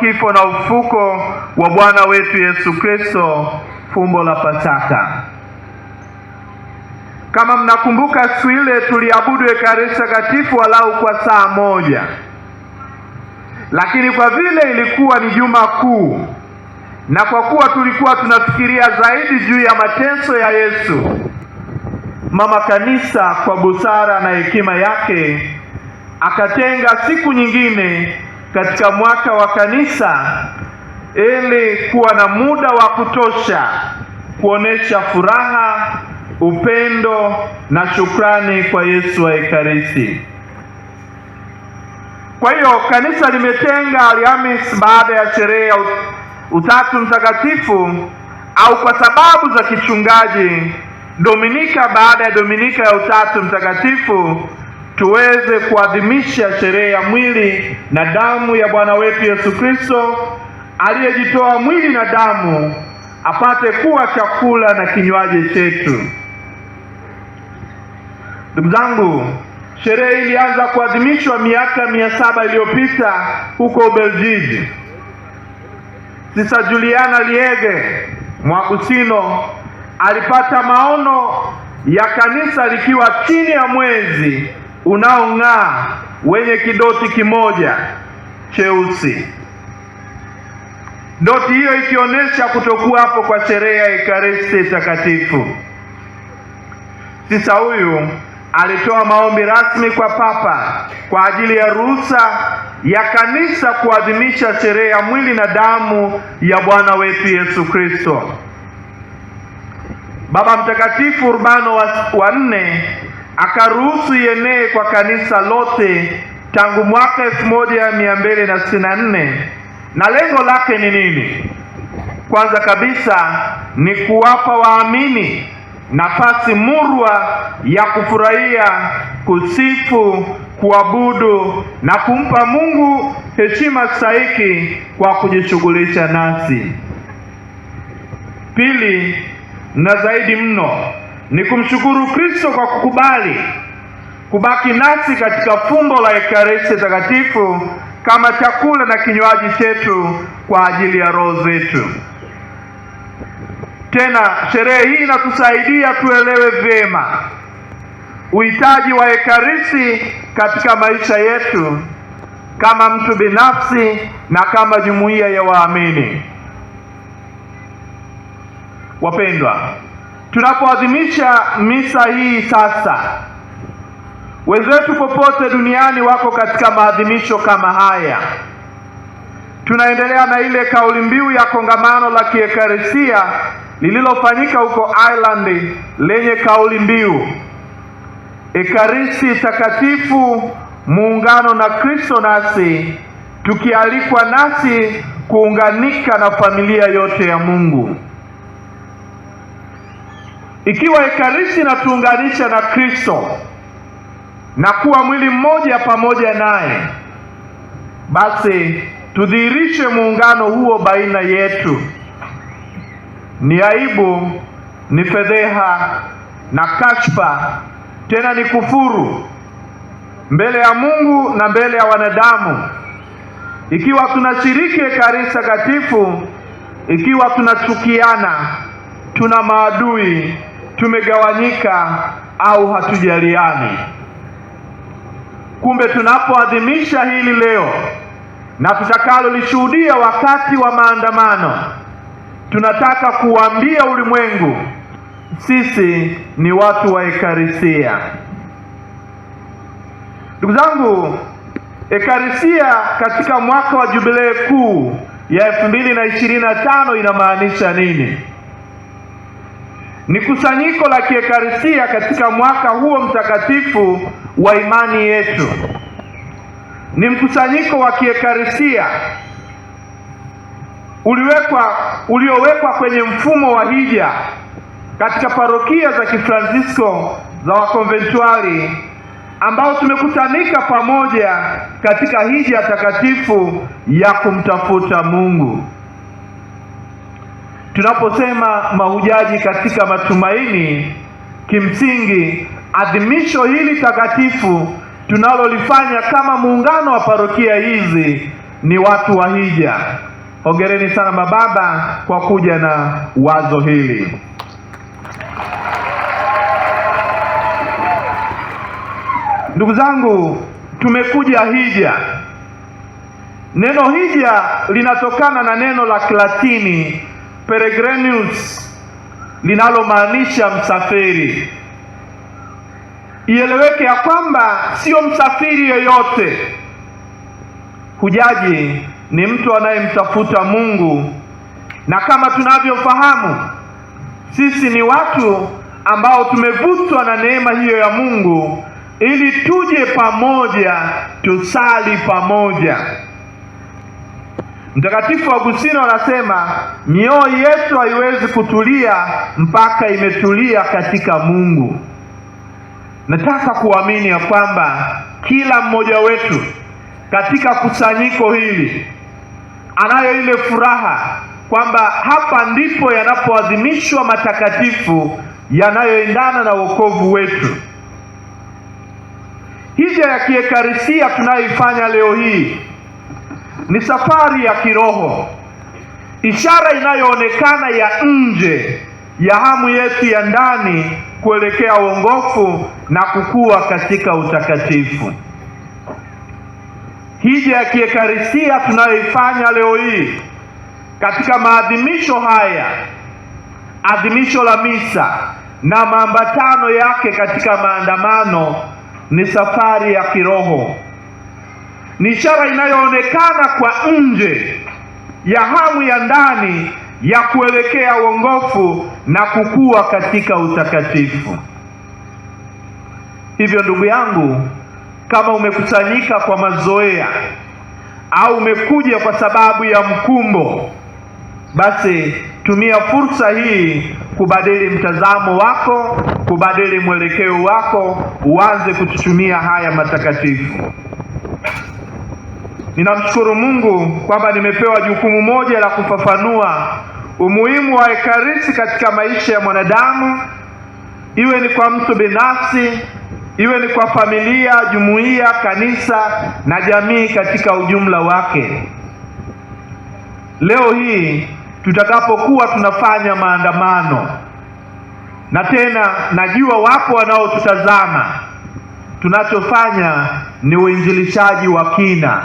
kifo na ufuko wa Bwana wetu Yesu Kristo, fumbo la Pasaka. Kama mnakumbuka, siku ile tuliabudu Ekaristi Takatifu walau kwa saa moja, lakini kwa vile ilikuwa ni Juma Kuu na kwa kuwa tulikuwa tunafikiria zaidi juu ya mateso ya Yesu, mama kanisa kwa busara na hekima yake akatenga siku nyingine katika mwaka wa kanisa ili kuwa na muda wa kutosha kuonesha furaha, upendo na shukrani kwa Yesu wa Ekaristi. Kwa hiyo kanisa limetenga Alhamis baada ya sherehe ya Utatu Mtakatifu au kwa sababu za kichungaji Dominika baada ya Dominika ya Utatu Mtakatifu tuweze kuadhimisha sherehe ya mwili na damu ya Bwana wetu Yesu Kristo aliyejitoa mwili na damu apate kuwa chakula na kinywaji chetu. Ndugu zangu, sherehe ilianza kuadhimishwa miaka mia saba iliyopita huko Ubelgiji. Sisa Juliana Liege Mwagusino alipata maono ya kanisa likiwa chini ya mwezi unaong'aa wenye kidoti kimoja cheusi. Doti hiyo ikionyesha kutokuwapo kwa sherehe ya Ekaristi Takatifu. Sisa huyu alitoa maombi rasmi kwa Papa kwa ajili ya ruhusa ya kanisa kuadhimisha sherehe ya mwili na damu ya Bwana wetu Yesu Kristo. Baba Mtakatifu Urbano wa nne akaruhusu ienee kwa kanisa lote tangu mwaka nne na lengo lake ni nini? Kwanza kabisa ni kuwapa waamini nafasi murwa ya kufurahia, kusifu, kuabudu na kumpa Mungu heshima stahiki kwa kujishughulisha nasi. Pili na zaidi mno ni kumshukuru Kristo kwa kukubali kubaki nasi katika fumbo la Ekaristi Takatifu kama chakula na kinywaji chetu kwa ajili ya roho zetu. Tena sherehe hii inatusaidia tuelewe vyema uhitaji wa Ekaristi katika maisha yetu kama mtu binafsi na kama jumuiya ya waamini. Wapendwa, Tunapoadhimisha misa hii sasa, wenzetu popote duniani wako katika maadhimisho kama haya. Tunaendelea na ile kauli mbiu ya kongamano la kiekaresia lililofanyika huko Ireland lenye kauli mbiu Ekaristi Takatifu, muungano na Kristo nasi, tukialikwa nasi kuunganika na familia yote ya Mungu. Ikiwa ekaristi inatuunganisha na Kristo na kuwa mwili mmoja pamoja naye, basi tudhihirishe muungano huo baina yetu. Ni aibu, ni fedheha na kashfa, tena ni kufuru mbele ya Mungu na mbele ya wanadamu, ikiwa tunashiriki ekaristi takatifu, ikiwa tunachukiana, tuna maadui tumegawanyika au hatujaliani. Kumbe tunapoadhimisha hili leo na tutakalolishuhudia wakati wa maandamano, tunataka kuambia ulimwengu sisi ni watu wa Ekaristia. Ndugu zangu, Ekaristia katika mwaka wa jubilei kuu ya elfu mbili na ishirini na tano inamaanisha nini? ni kusanyiko la kiekaristia katika mwaka huo mtakatifu wa imani yetu. Ni mkusanyiko wa kiekaristia uliwekwa uliowekwa kwenye mfumo wa hija katika parokia za Kifransisko za wakonventuali ambao tumekutanika pamoja katika hija takatifu ya kumtafuta Mungu. Tunaposema mahujaji katika matumaini, kimsingi adhimisho hili takatifu tunalolifanya kama muungano wa parokia hizi ni watu wa hija. Hongereni sana mababa kwa kuja na wazo hili. Ndugu zangu, tumekuja hija. Neno hija linatokana na neno la Kilatini peregrinus linalomaanisha msafiri. Ieleweke ya kwamba sio msafiri yoyote. Hujaji ni mtu anayemtafuta Mungu, na kama tunavyofahamu sisi ni watu ambao tumevutwa na neema hiyo ya Mungu ili tuje pamoja, tusali pamoja. Mtakatifu Agustino anasema mioyo yetu haiwezi kutulia mpaka imetulia katika Mungu. Nataka kuamini ya kwamba kila mmoja wetu katika kusanyiko hili anayo ile furaha kwamba hapa ndipo yanapoadhimishwa matakatifu yanayoendana na wokovu wetu. Hija ya kiekaristia tunayoifanya leo hii ni safari ya kiroho. Ishara inayoonekana ya nje ya hamu yetu ya ndani kuelekea uongofu na kukua katika utakatifu. Hija ya kiekaristia tunayoifanya leo hii katika maadhimisho haya, adhimisho la misa na maambatano yake katika maandamano, ni safari ya kiroho ni ishara inayoonekana kwa nje ya hamu ya ndani ya kuelekea uongofu na kukua katika utakatifu. Hivyo ndugu yangu, kama umekusanyika kwa mazoea au umekuja kwa sababu ya mkumbo, basi tumia fursa hii kubadili mtazamo wako, kubadili mwelekeo wako, uanze kututumia haya matakatifu. Ninamshukuru Mungu kwamba nimepewa jukumu moja la kufafanua umuhimu wa Ekaristi katika maisha ya mwanadamu, iwe ni kwa mtu binafsi, iwe ni kwa familia, jumuiya, kanisa na jamii katika ujumla wake. Leo hii tutakapokuwa tunafanya maandamano, na tena najua wapo wanaotutazama, tunachofanya ni uinjilishaji wa kina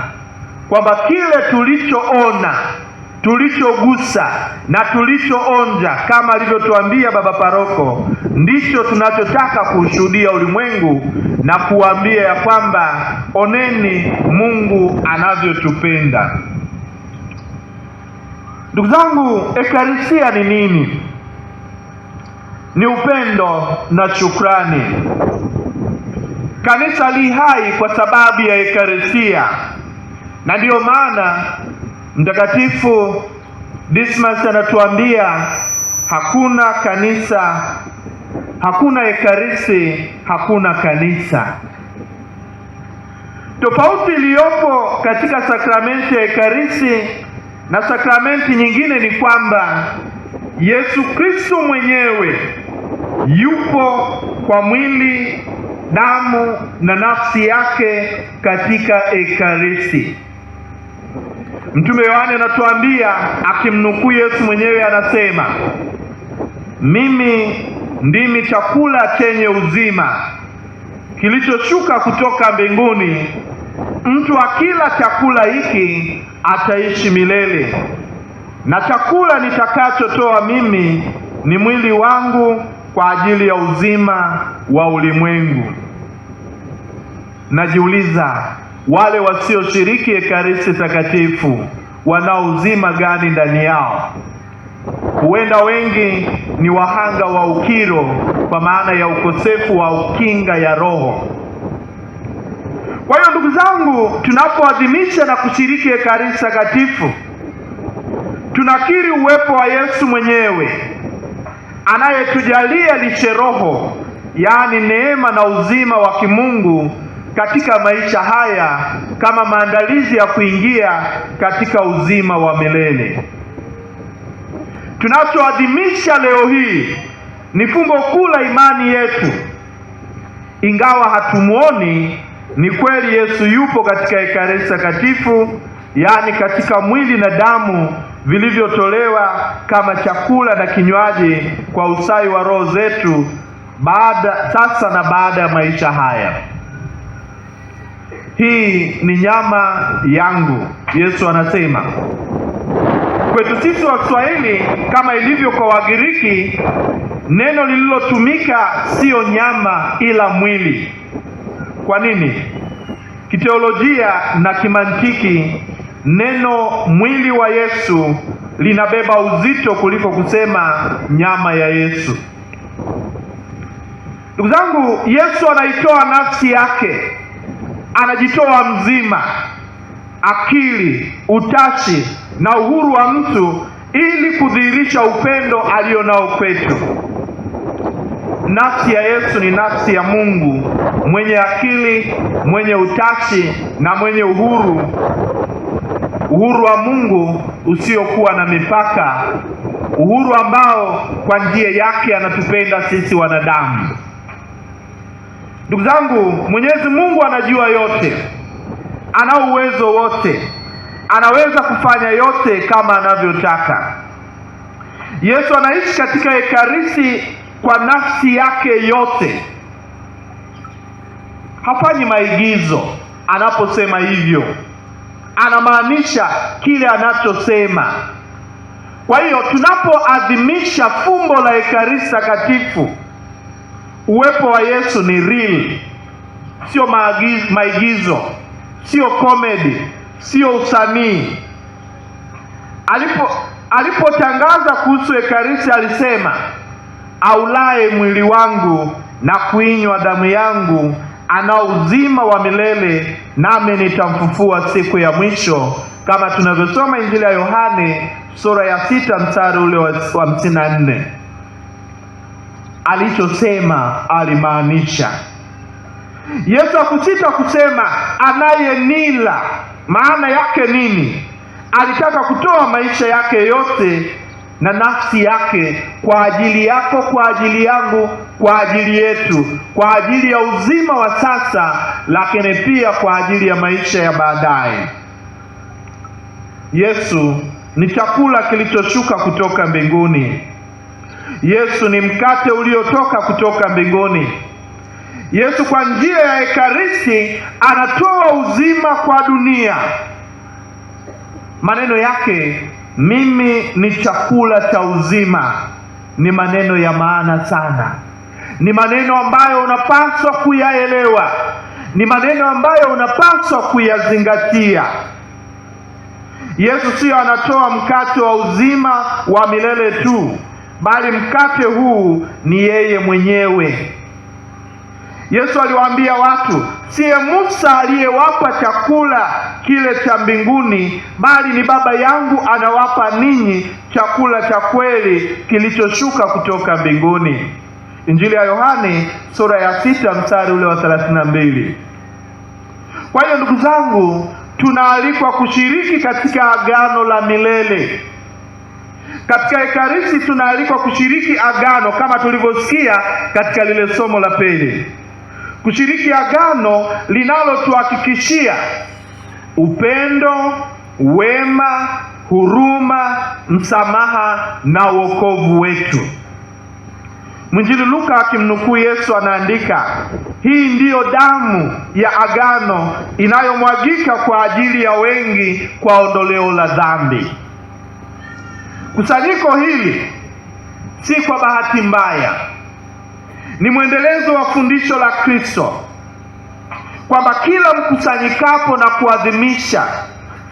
kwamba kile tulichoona, tulichogusa na tulichoonja kama alivyotuambia baba paroko, ndicho tunachotaka kushuhudia ulimwengu na kuambia ya kwamba oneni Mungu anavyotupenda. Ndugu zangu, Ekaristia ni nini? Ni upendo na shukrani. Kanisa li hai kwa sababu ya Ekaristia na ndiyo maana Mtakatifu Dismas anatuambia hakuna kanisa, hakuna ekaristi, hakuna kanisa. Tofauti iliyopo katika sakramenti ya ekaristi na sakramenti nyingine ni kwamba Yesu Kristo mwenyewe yupo kwa mwili, damu na nafsi yake katika ekaristi. Mtume Yohane anatuambia akimnukuu Yesu mwenyewe anasema, mimi ndimi chakula chenye uzima kilichoshuka kutoka mbinguni. Mtu akila chakula hiki ataishi milele, na chakula nitakachotoa mimi ni mwili wangu kwa ajili ya uzima wa ulimwengu. Najiuliza, wale wasioshiriki Ekaristi Takatifu wana uzima gani ndani yao? Huenda wengi ni wahanga wa ukiro, kwa maana ya ukosefu wa ukinga ya roho. Kwa hiyo ndugu zangu, tunapoadhimisha na kushiriki Ekaristi Takatifu tunakiri uwepo wa Yesu mwenyewe anayetujalia lishe roho, yaani neema na uzima wa kimungu katika maisha haya kama maandalizi ya kuingia katika uzima wa milele. Tunachoadhimisha leo hii ni fumbo kuu la imani yetu. Ingawa hatumwoni, ni kweli Yesu yupo katika Ekaristi Takatifu, yaani katika mwili na damu vilivyotolewa kama chakula na kinywaji kwa usai wa roho zetu baada sasa na baada ya maisha haya hii ni nyama yangu. Yesu anasema kwetu sisi wa Kiswahili kama ilivyo kwa Wagiriki, neno lililotumika siyo nyama ila mwili. Kwa nini? Kiteolojia na kimantiki, neno mwili wa Yesu linabeba uzito kuliko kusema nyama ya Yesu. Ndugu zangu, Yesu anaitoa nafsi yake anajitoa mzima, akili, utashi na uhuru wa mtu ili kudhihirisha upendo alionao kwetu. Nafsi ya Yesu ni nafsi ya Mungu mwenye akili, mwenye utashi na mwenye uhuru, uhuru wa Mungu usiokuwa na mipaka, uhuru ambao kwa njia yake anatupenda sisi wanadamu. Ndugu zangu, Mwenyezi Mungu anajua yote, ana uwezo wote, anaweza kufanya yote kama anavyotaka. Yesu anaishi katika Ekaristi kwa nafsi yake yote, hafanyi maigizo. Anaposema hivyo, anamaanisha kile anachosema. Kwa hiyo tunapoadhimisha fumbo la Ekaristi takatifu Uwepo wa Yesu ni real, sio maigizo, sio comedy, sio usanii. Alipo alipotangaza kuhusu Ekaristi alisema, aulaye mwili wangu na kuinywa damu yangu ana uzima wa milele, nami nitamfufua siku ya mwisho, kama tunavyosoma Injili ya Yohane sura ya sita mstari ule wa hamsini na nne alichosema alimaanisha. Yesu hakusita kusema anayenila, maana yake nini? Alitaka kutoa maisha yake yote na nafsi yake kwa ajili yako, kwa ajili yangu, kwa ajili yetu, kwa ajili ya uzima wa sasa, lakini pia kwa ajili ya maisha ya baadaye. Yesu ni chakula kilichoshuka kutoka mbinguni Yesu ni mkate uliotoka kutoka mbinguni. Yesu kwa njia ya Ekaristi anatoa uzima kwa dunia. Maneno yake mimi ni chakula cha uzima ni maneno ya maana sana, ni maneno ambayo unapaswa kuyaelewa, ni maneno ambayo unapaswa kuyazingatia. Yesu sio anatoa mkate wa uzima wa milele tu, bali mkate huu ni yeye mwenyewe. Yesu aliwaambia watu, siye Musa aliyewapa chakula kile cha mbinguni, bali ni Baba yangu anawapa ninyi chakula cha kweli kilichoshuka kutoka mbinguni. Injili ya Yohane sura ya sita mstari ule wa thelathini na mbili. Kwa hiyo ndugu zangu, tunaalikwa kushiriki katika agano la milele katika ekaristi tunaalikwa kushiriki agano, kama tulivyosikia katika lile somo la pili, kushiriki agano linalotuhakikishia upendo, wema, huruma, msamaha na wokovu wetu. Mwinjili Luka akimnukuu Yesu anaandika, hii ndiyo damu ya agano inayomwagika kwa ajili ya wengi kwa ondoleo la dhambi. Kusanyiko hili si kwa bahati mbaya, ni mwendelezo wa fundisho la Kristo kwamba kila mkusanyikapo na kuadhimisha,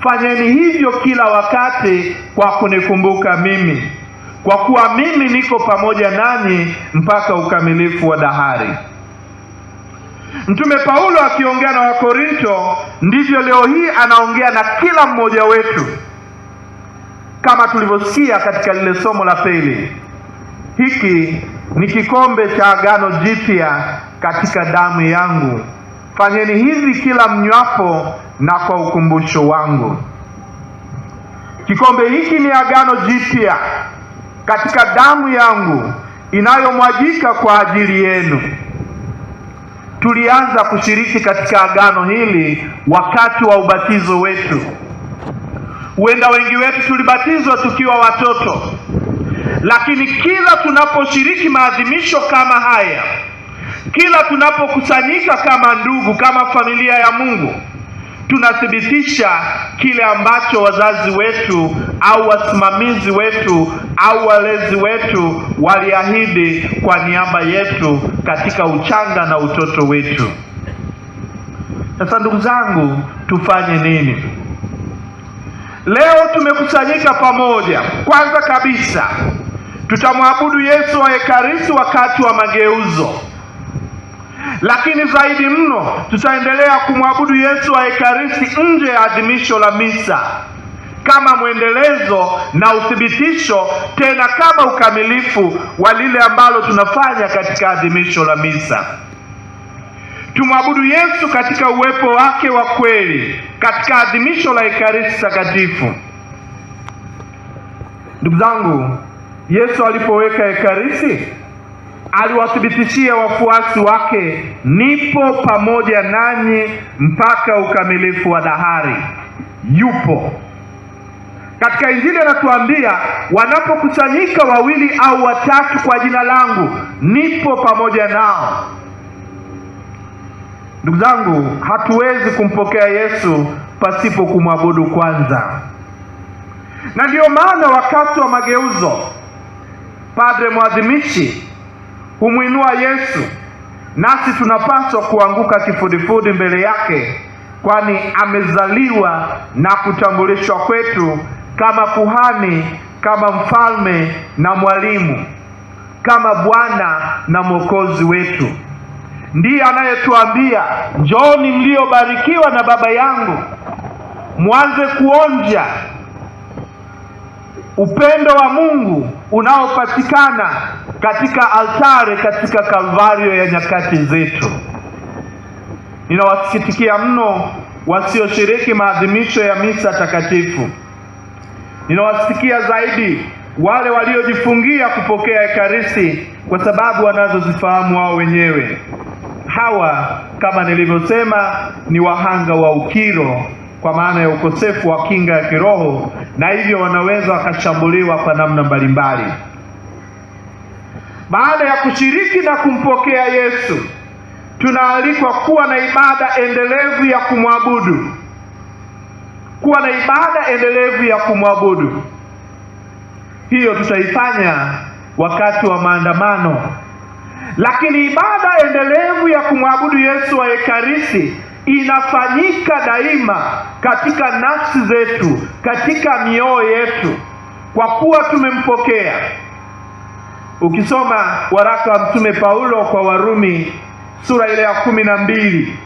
fanyeni hivyo kila wakati kwa kunikumbuka mimi, kwa kuwa mimi niko pamoja nanyi mpaka ukamilifu wa dahari. Mtume Paulo akiongea na Wakorinto, ndivyo leo hii anaongea na kila mmoja wetu kama tulivyosikia katika lile somo la pili. Hiki ni kikombe cha agano jipya katika damu yangu, fanyeni hivi kila mnywapo na kwa ukumbusho wangu. Kikombe hiki ni agano jipya katika damu yangu inayomwagika kwa ajili yenu. Tulianza kushiriki katika agano hili wakati wa ubatizo wetu. Huenda wengi wetu tulibatizwa tukiwa watoto, lakini kila tunaposhiriki maadhimisho kama haya, kila tunapokusanyika kama ndugu, kama familia ya Mungu, tunathibitisha kile ambacho wazazi wetu au wasimamizi wetu au walezi wetu waliahidi kwa niaba yetu katika uchanga na utoto wetu. Sasa ndugu zangu, tufanye nini? Leo tumekusanyika pamoja, kwanza kabisa tutamwabudu Yesu wa Ekaristi wakati wa mageuzo, lakini zaidi mno tutaendelea kumwabudu Yesu wa Ekaristi nje ya adhimisho la misa kama mwendelezo na uthibitisho, tena kama ukamilifu wa lile ambalo tunafanya katika adhimisho la misa tumwabudu Yesu katika uwepo wake wa kweli katika adhimisho la Ekaristi Takatifu. Ndugu zangu, Yesu alipoweka Ekaristi aliwathibitishia wafuasi wake, nipo pamoja nanyi mpaka ukamilifu wa dahari. Yupo katika Injili anatuambia, wanapokusanyika wawili au watatu kwa jina langu, nipo pamoja nao. Ndugu zangu, hatuwezi kumpokea Yesu pasipo kumwabudu kwanza, na ndiyo maana wakati wa mageuzo padre mwadhimishi humwinua Yesu, nasi tunapaswa kuanguka kifudifudi mbele yake, kwani amezaliwa na kutambulishwa kwetu kama kuhani, kama mfalme na mwalimu, kama Bwana na mwokozi wetu ndiye anayetuambia njooni mliobarikiwa na Baba yangu, mwanze kuonja upendo wa Mungu unaopatikana katika altare, katika Kalvario ya nyakati zetu. Ninawasikitikia mno wasioshiriki maadhimisho ya misa takatifu. Ninawasikia zaidi wale waliojifungia kupokea Ekaristi kwa sababu wanazozifahamu wao wenyewe hawa kama nilivyosema ni wahanga wa ukiro, kwa maana ya ukosefu wa kinga ya kiroho, na hivyo wanaweza wakashambuliwa kwa namna mbalimbali. Baada ya kushiriki na kumpokea Yesu, tunaalikwa kuwa na ibada endelevu ya kumwabudu, kuwa na ibada endelevu ya kumwabudu. Hiyo tutaifanya wakati wa maandamano lakini ibada endelevu ya kumwabudu Yesu wa Ekaristi inafanyika daima katika nafsi zetu, katika mioyo yetu, kwa kuwa tumempokea. Ukisoma waraka wa Mtume Paulo kwa Warumi sura ile ya kumi na mbili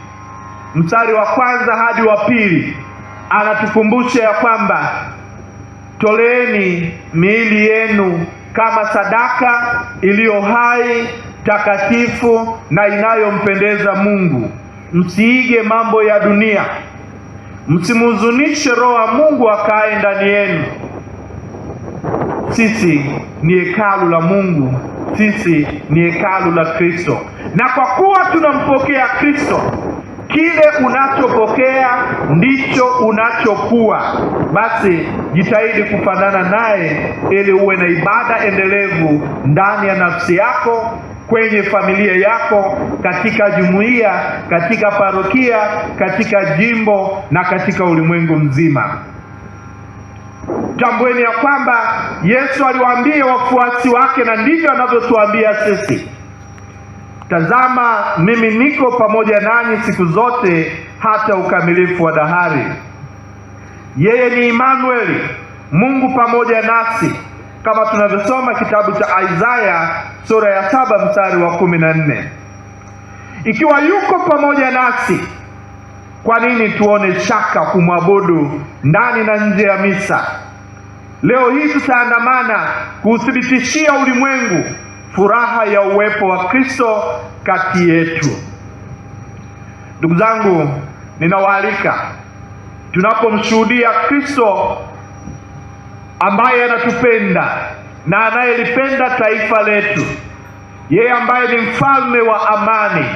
mstari wa kwanza hadi wa pili anatukumbusha ya kwamba toleeni miili yenu kama sadaka iliyo hai takatifu na inayompendeza Mungu. Msiige mambo ya dunia, msimhuzunishe Roho wa Mungu akae ndani yenu. Sisi ni hekalu la Mungu, sisi ni hekalu la Kristo, na kwa kuwa tunampokea Kristo, kile unachopokea ndicho unachokuwa. Basi jitahidi kufanana naye ili uwe na ibada endelevu ndani ya nafsi yako kwenye familia yako, katika jumuiya, katika parokia, katika jimbo na katika ulimwengu mzima. Tambueni ya kwamba Yesu aliwaambia wafuasi wake, na ndivyo anavyotuambia sisi, tazama, mimi niko pamoja nanyi siku zote hata ukamilifu wa dahari. Yeye ni Emanueli, Mungu pamoja nasi kama tunavyosoma kitabu cha Isaya sura ya saba mstari wa kumi na nne ikiwa yuko pamoja nasi, kwa nini tuone shaka kumwabudu ndani na nje ya misa? Leo hii tutaandamana kuuthibitishia ulimwengu furaha ya uwepo wa Kristo kati yetu. Ndugu zangu, ninawaalika tunapomshuhudia Kristo ambaye anatupenda na anayelipenda taifa letu, yeye ambaye ni mfalme wa amani.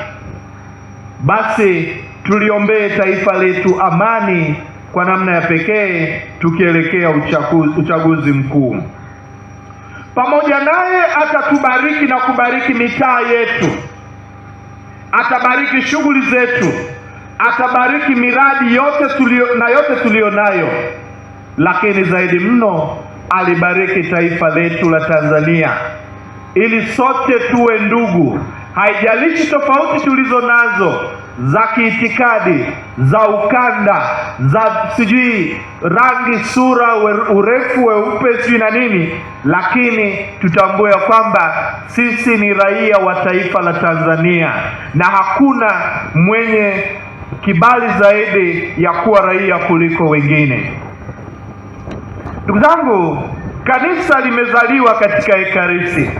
Basi tuliombee taifa letu amani kwa namna ya pekee, tukielekea uchaguzi, uchaguzi mkuu. Pamoja naye atatubariki na kubariki mitaa yetu, atabariki shughuli zetu, atabariki miradi yote tulio na yote tuliyo nayo lakini zaidi mno alibariki taifa letu la Tanzania ili sote tuwe ndugu, haijalishi tofauti tulizo nazo za kiitikadi, za ukanda, za sijui rangi, sura, urefu, weupe, sijui na nini, lakini tutambue ya kwamba sisi ni raia wa taifa la Tanzania na hakuna mwenye kibali zaidi ya kuwa raia kuliko wengine. Ndugu zangu, kanisa limezaliwa katika Ekaristi.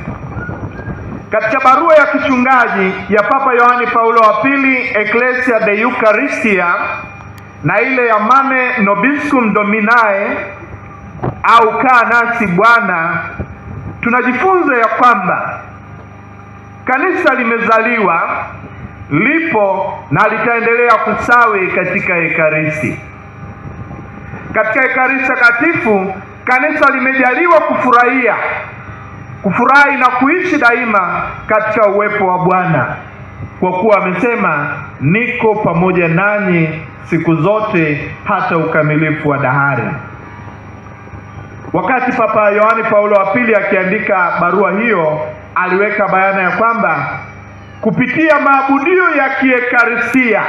Katika barua ya kichungaji ya Papa Yohani Paulo wa Pili, Ecclesia de Eucharistia, na ile ya Mane Nobiscum Dominae au kaa nasi Bwana, tunajifunza ya kwamba kanisa limezaliwa, lipo na litaendelea kusawi katika Ekaristi katika Ekaristi Takatifu, kanisa limejaliwa kufurahia kufurahi na kuishi daima katika uwepo wa Bwana, kwa kuwa amesema, niko pamoja nanyi siku zote hata ukamilifu wa dahari. Wakati Papa Yohani Paulo wa pili akiandika barua hiyo, aliweka bayana ya kwamba kupitia maabudio ya kiekaristia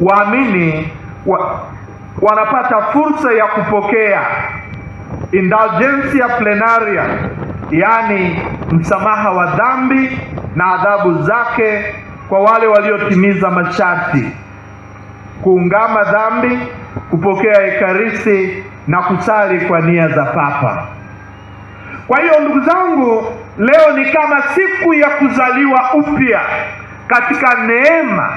waamini wa wanapata fursa ya kupokea indulgencia plenaria, yaani msamaha wa dhambi na adhabu zake kwa wale waliotimiza masharti: kuungama dhambi, kupokea ekaristi na kusali kwa nia za Papa. Kwa hiyo ndugu zangu, leo ni kama siku ya kuzaliwa upya katika neema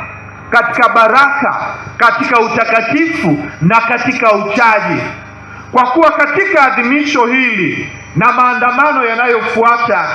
katika baraka, katika utakatifu na katika uchaji. Kwa kuwa katika adhimisho hili na maandamano yanayofuata